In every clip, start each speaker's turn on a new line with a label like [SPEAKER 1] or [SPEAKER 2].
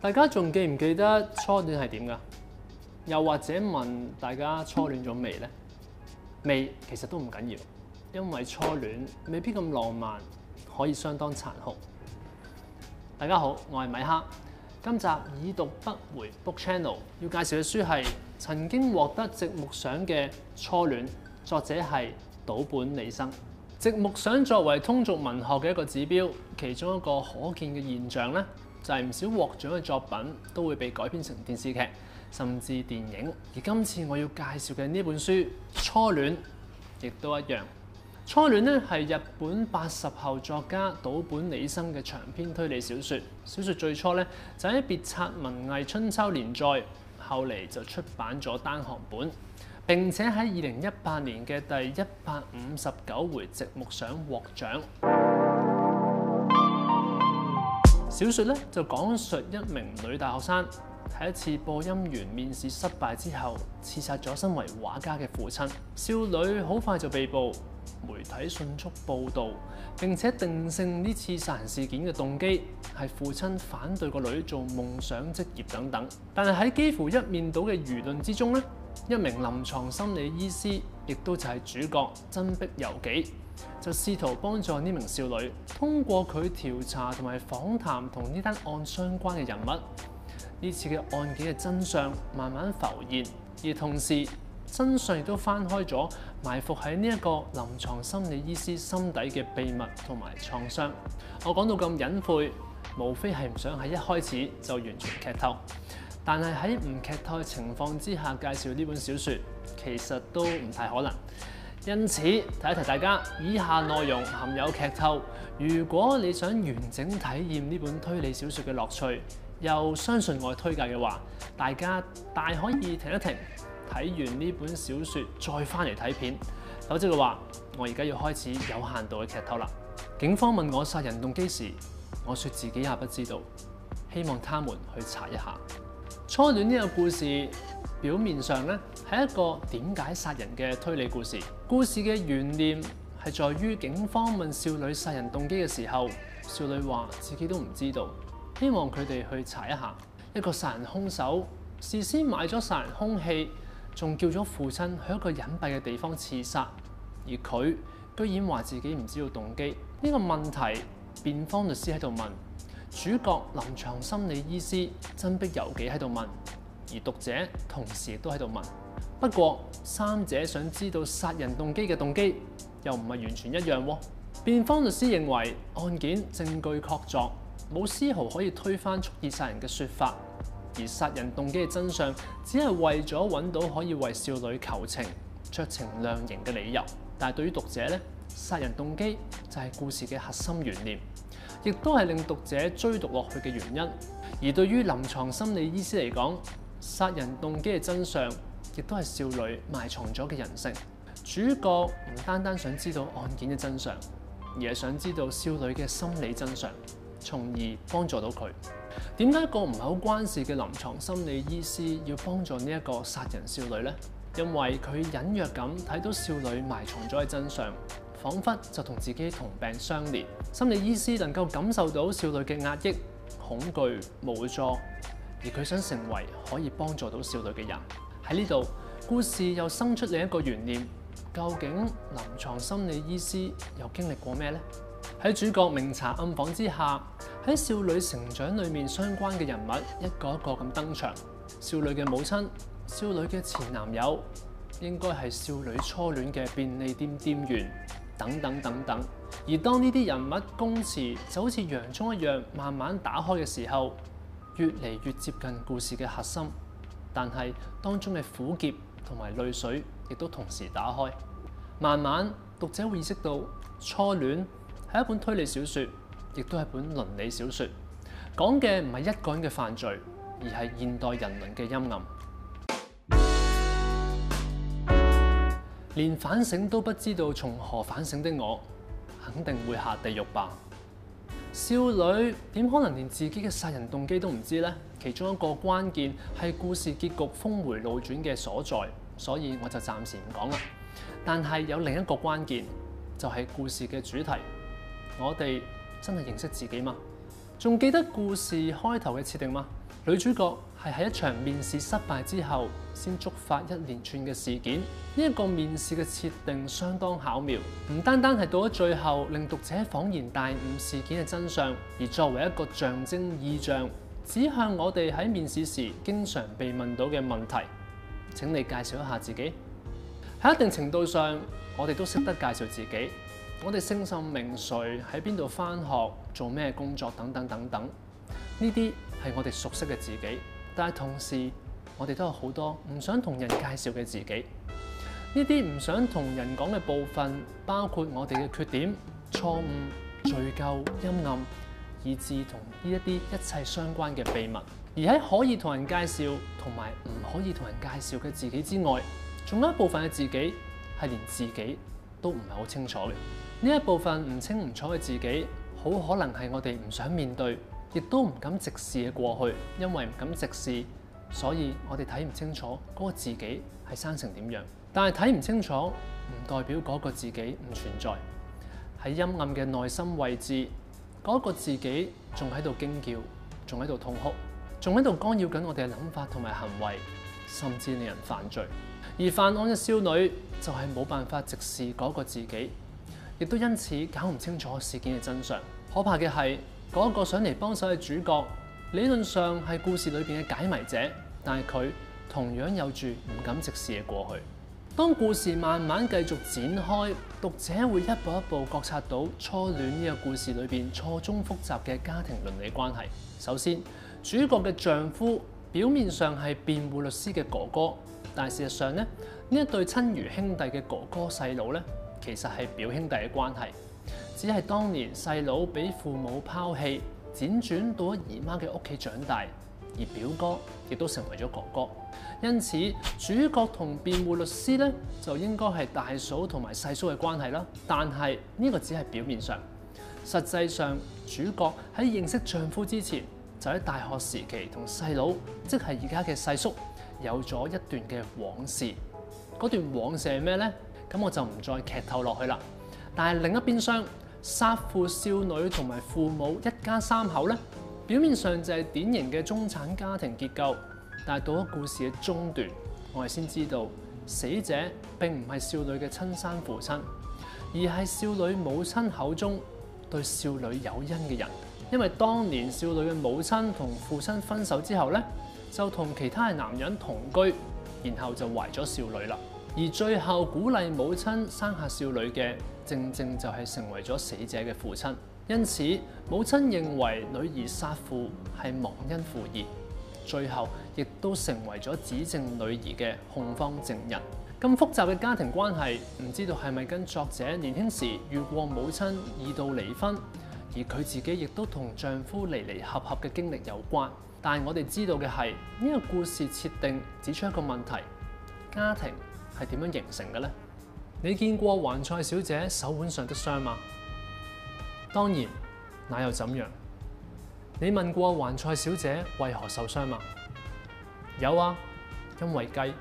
[SPEAKER 1] 大家仲記唔記得初戀係點噶？又或者問大家初戀咗未呢？未其實都唔緊要，因為初戀未必咁浪漫，可以相當殘酷。大家好，我係米哈。今集已讀不回 Book Channel 要介紹嘅書係曾經獲得直木賞嘅《初戀》，作者係島本理生。直木賞作為通俗文學嘅一個指標，其中一個可見嘅現象呢，就係唔少獲獎嘅作品都會被改編成電視劇，甚至電影。而今次我要介紹嘅呢本書《初戀》亦都一樣。《初戀》呢，係日本八十後作家島本理生嘅長篇推理小說。小說最初呢，就喺《別冊文藝春秋》連載，後嚟就出版咗單行本。並且喺二零一八年嘅第一百五十九回直木賞獲獎。小説咧就講述一名女大學生喺一次播音員面試失敗之後，刺殺咗身為畫家嘅父親。少女好快就被捕，媒體迅速報導，並且定性呢次殺人事件嘅動機係父親反對個女做夢想職業等等。但係喺幾乎一面倒嘅輿論之中呢，一名臨床心理醫師亦都就係主角，真壁由紀。就試圖幫助呢名少女，通過佢調查同埋訪談同呢單案相關嘅人物，呢次嘅案件嘅真相慢慢浮現，而同時真相亦都翻開咗埋伏喺呢一個臨床心理醫師心底嘅秘密同埋創傷。我講到咁隱晦，無非係唔想喺一開始就完全劇透，但係喺唔劇透嘅情況之下介紹呢本小說，其實都唔太可能。因此提一提大家，以下內容含有劇透。如果你想完整體驗呢本推理小説嘅樂趣，又相信我推介嘅話，大家大可以停一停，睇完呢本小説再翻嚟睇片。否則嘅話，我而家要開始有限度嘅劇透啦。警方問我殺人動機時，我説自己也不知道，希望他們去查一下。初戀呢個故事表面上呢，係一個點解殺人嘅推理故事。故事嘅懸念係在於警方問少女殺人動機嘅時候，少女話自己都唔知道，希望佢哋去查一下。一個殺人兇手事先買咗殺人兇器，仲叫咗父親去一個隱蔽嘅地方刺殺，而佢居然話自己唔知道動機。呢個問題，辯方律師喺度問，主角臨床心理醫師真壁由紀喺度問，而讀者同時都喺度問。不過，三者想知道殺人動機嘅動機，又唔係完全一樣喎、哦。辯方律師認為案件證據確鑿，冇絲毫可以推翻蓄意殺人嘅説法，而殺人動機嘅真相只係為咗揾到可以為少女求情、酌情量刑嘅理由。但係對於讀者呢，殺人動機就係故事嘅核心懸念，亦都係令讀者追讀落去嘅原因。而對於臨床心理醫師嚟講，殺人動機嘅真相。亦都係少女埋藏咗嘅人性。主角唔單單想知道案件嘅真相，而係想知道少女嘅心理真相，從而幫助到佢。點解一個唔係好關事嘅臨床心理醫師要幫助呢一個殺人少女呢？因為佢隱約咁睇到少女埋藏咗嘅真相，仿佛就同自己同病相憐。心理醫師能夠感受到少女嘅壓抑、恐懼、無助，而佢想成為可以幫助到少女嘅人。喺呢度，故事又生出另一個懸念：究竟臨床心理醫師又經歷過咩呢？喺主角明查暗訪之下，喺少女成長裡面相關嘅人物一個一個咁登場。少女嘅母親、少女嘅前男友、應該係少女初戀嘅便利店店員等等等等。而當呢啲人物供詞就好似洋蔥一樣慢慢打開嘅時候，越嚟越接近故事嘅核心。但係，當中嘅苦澀同埋淚水，亦都同時打開。慢慢讀者會意識到，初戀係一本推理小説，亦都係一本倫理小説，講嘅唔係一個人嘅犯罪，而係現代人倫嘅陰暗。連反省都不知道從何反省的我，肯定會下地獄吧。少女點可能連自己嘅殺人動機都唔知呢？其中一個關鍵係故事結局峰回路轉嘅所在，所以我就暫時唔講啦。但係有另一個關鍵，就係故事嘅主題：我哋真係認識自己嘛？仲記得故事開頭嘅設定嗎？女主角。係喺一場面試失敗之後，先觸發一連串嘅事件。呢、這、一個面試嘅設定相當巧妙，唔單單係到咗最後令讀者恍然大悟事件嘅真相，而作為一個象徵意象，指向我哋喺面試時經常被問到嘅問題。請你介紹一下自己。喺一定程度上，我哋都識得介紹自己。我哋姓甚名誰，喺邊度返學、做咩工作等等等等。呢啲係我哋熟悉嘅自己。但係同時，我哋都有好多唔想同人介紹嘅自己，呢啲唔想同人講嘅部分，包括我哋嘅缺點、錯誤、罪疚、陰暗，以致同呢一啲一切相關嘅秘密。而喺可以同人介紹同埋唔可以同人介紹嘅自己之外，仲有一部分嘅自己係連自己都唔係好清楚嘅。呢一部分唔清唔楚嘅自己，好可能係我哋唔想面對，亦都唔敢直視嘅過去，因為唔敢直視，所以我哋睇唔清楚嗰個自己係生成點樣。但係睇唔清楚唔代表嗰個自己唔存在，喺陰暗嘅內心位置，嗰個自己仲喺度驚叫，仲喺度痛哭，仲喺度干擾緊我哋嘅諗法同埋行為，甚至令人犯罪。而犯案嘅少女就係冇辦法直視嗰個自己，亦都因此搞唔清楚事件嘅真相。可怕嘅係，嗰個想嚟幫手嘅主角，理論上係故事裏邊嘅解謎者，但係佢同樣有住唔敢直視嘅過去。當故事慢慢繼續展開，讀者會一步一步覺察到初戀呢個故事裏邊錯綜複雜嘅家庭倫理關係。首先，主角嘅丈夫表面上係辯護律師嘅哥哥，但事實上呢，呢一對親如兄弟嘅哥哥細佬呢，其實係表兄弟嘅關係。只係當年細佬俾父母拋棄，輾轉到姨媽嘅屋企長大，而表哥亦都成為咗哥哥。因此主角同辯護律師咧就應該係大嫂同埋細叔嘅關係啦。但係呢個只係表面上，實際上主角喺認識丈夫之前，就喺大學時期同細佬，即係而家嘅細叔有咗一段嘅往事。嗰段往事係咩咧？咁我就唔再劇透落去啦。但係另一邊廂。殺父少女同埋父母一家三口呢，表面上就係典型嘅中產家庭結構，但係到咗故事嘅中段，我哋先知道死者並唔係少女嘅親生父親，而係少女母親口中對少女有恩嘅人，因為當年少女嘅母親同父親分手之後呢，就同其他男人同居，然後就懷咗少女啦。而最後鼓勵母親生下少女嘅，正正就係成為咗死者嘅父親。因此，母親認為女兒殺父係忘恩負義，最後亦都成為咗指證女兒嘅控方證人。咁複雜嘅家庭關係，唔知道係咪跟作者年輕時遇過母親二度離婚，而佢自己亦都同丈夫離離合合嘅經歷有關。但係我哋知道嘅係呢個故事設定指出一個問題：家庭。係點樣形成嘅呢？你見過環賽小姐手腕上的傷嗎？當然，那又怎樣？你問過環賽小姐為何受傷嗎？有啊，因為雞。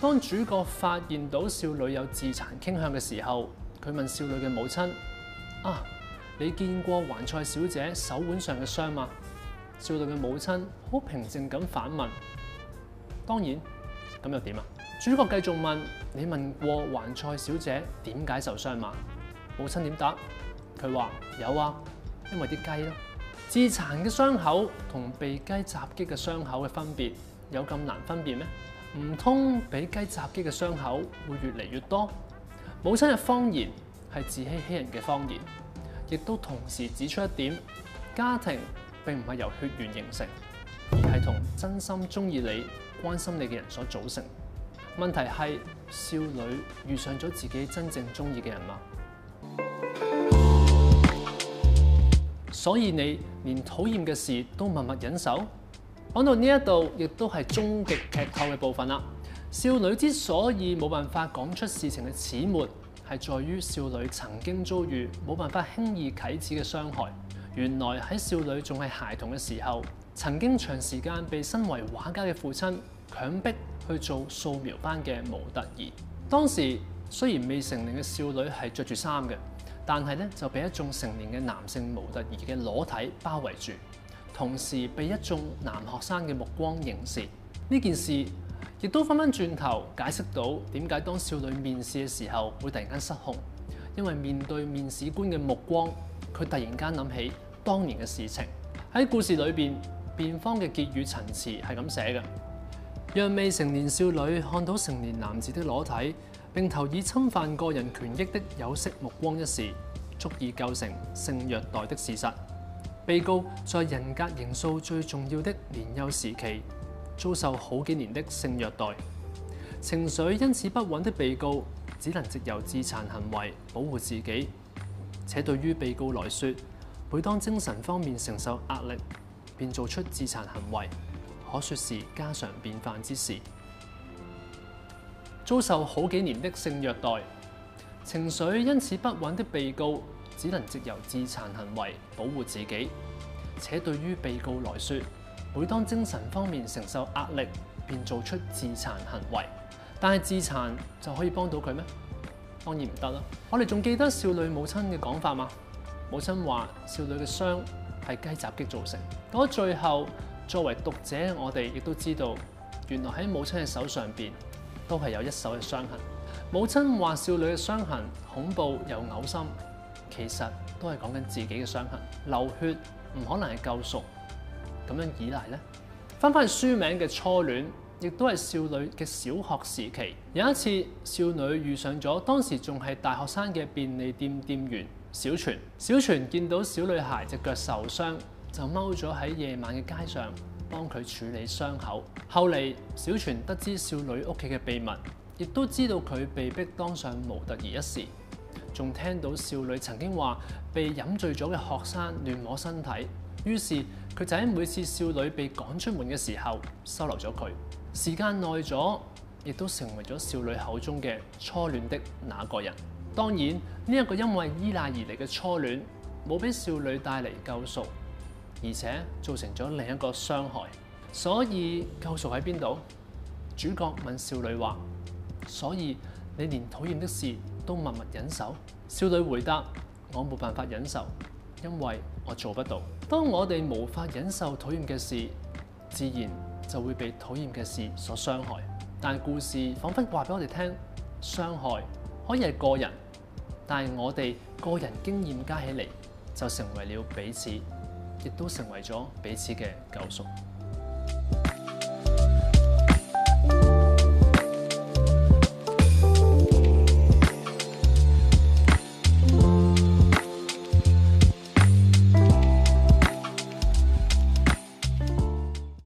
[SPEAKER 1] 當主角發現到少女有自殘傾向嘅時候，佢問少女嘅母親：啊，你見過環賽小姐手腕上嘅傷嗎？少女嘅母親好平靜咁反問：當然，咁又點啊？主角繼續問：你問過環菜小姐點解受傷嘛？母親點答？佢話有啊，因為啲雞咯。自殘嘅傷口同被雞襲擊嘅傷口嘅分別有咁難分辨咩？唔通俾雞襲擊嘅傷口會越嚟越多？母親嘅謊言係自欺欺人嘅謊言，亦都同時指出一點：家庭並唔係由血緣形成，而係同真心鍾意你、關心你嘅人所組成。問題係少女遇上咗自己真正中意嘅人嗎？所以你連討厭嘅事都默默忍受。講到呢一度，亦都係終極劇透嘅部分啦。少女之所以冇辦法講出事情嘅始末，係在於少女曾經遭遇冇辦法輕易啟齒嘅傷害。原來喺少女仲係孩童嘅時候，曾經長時間被身為畫家嘅父親強迫去做素描班嘅模特兒。當時雖然未成年嘅少女係着住衫嘅，但係咧就被一眾成年嘅男性模特兒嘅裸體包圍住，同時被一眾男學生嘅目光凝視。呢件事亦都翻翻轉頭解釋到點解當少女面試嘅時候會突然間失控，因為面對面試官嘅目光，佢突然間諗起當年嘅事情喺故事裏邊。辯方嘅結語陳詞係咁寫嘅：讓未成年少女看到成年男子的裸體並投以侵犯個人權益的有色目光一事，足以構成性虐待的事實。被告在人格形塑最重要的年幼時期遭受好幾年的性虐待，情緒因此不穩的被告只能藉由自殘行為保護自己，且對於被告來說，每當精神方面承受壓力。便做出自殘行為，可說是家常便飯之事。遭受好幾年的性虐待，情緒因此不穩的被告，只能藉由自殘行為保護自己。且對於被告來說，每當精神方面承受壓力，便做出自殘行為。但係自殘就可以幫到佢咩？當然唔得啦！我哋仲記得少女母親嘅講法嗎？母親話：少女嘅傷。係雞襲擊造成。到最後，作為讀者，我哋亦都知道，原來喺母親嘅手上邊，都係有一手嘅傷痕。母親話少女嘅傷痕恐怖又嘔心，其實都係講緊自己嘅傷痕。流血唔可能係救贖，咁樣以嚟呢，翻翻書名嘅初戀，亦都係少女嘅小學時期。有一次，少女遇上咗當時仲係大學生嘅便利店店員。小泉，小泉見到小女孩隻腳受傷，就踎咗喺夜晚嘅街上幫佢處理傷口。後嚟，小泉得知少女屋企嘅秘密，亦都知道佢被逼當上模特兒一事，仲聽到少女曾經話被飲醉咗嘅學生亂摸身體。於是佢就喺每次少女被趕出門嘅時候收留咗佢。時間耐咗，亦都成為咗少女口中嘅初戀的那個人。當然，呢一個因為依賴而嚟嘅初戀，冇俾少女帶嚟救贖，而且造成咗另一個傷害。所以救贖喺邊度？主角問少女話：所以你連討厭的事都默默忍受？少女回答：我冇辦法忍受，因為我做不到。當我哋無法忍受討厭嘅事，自然就會被討厭嘅事所傷害。但故事仿佛話俾我哋聽：傷害可以係個人。但係我哋個人經驗加起嚟，就成為了彼此，亦都成為咗彼此嘅救贖。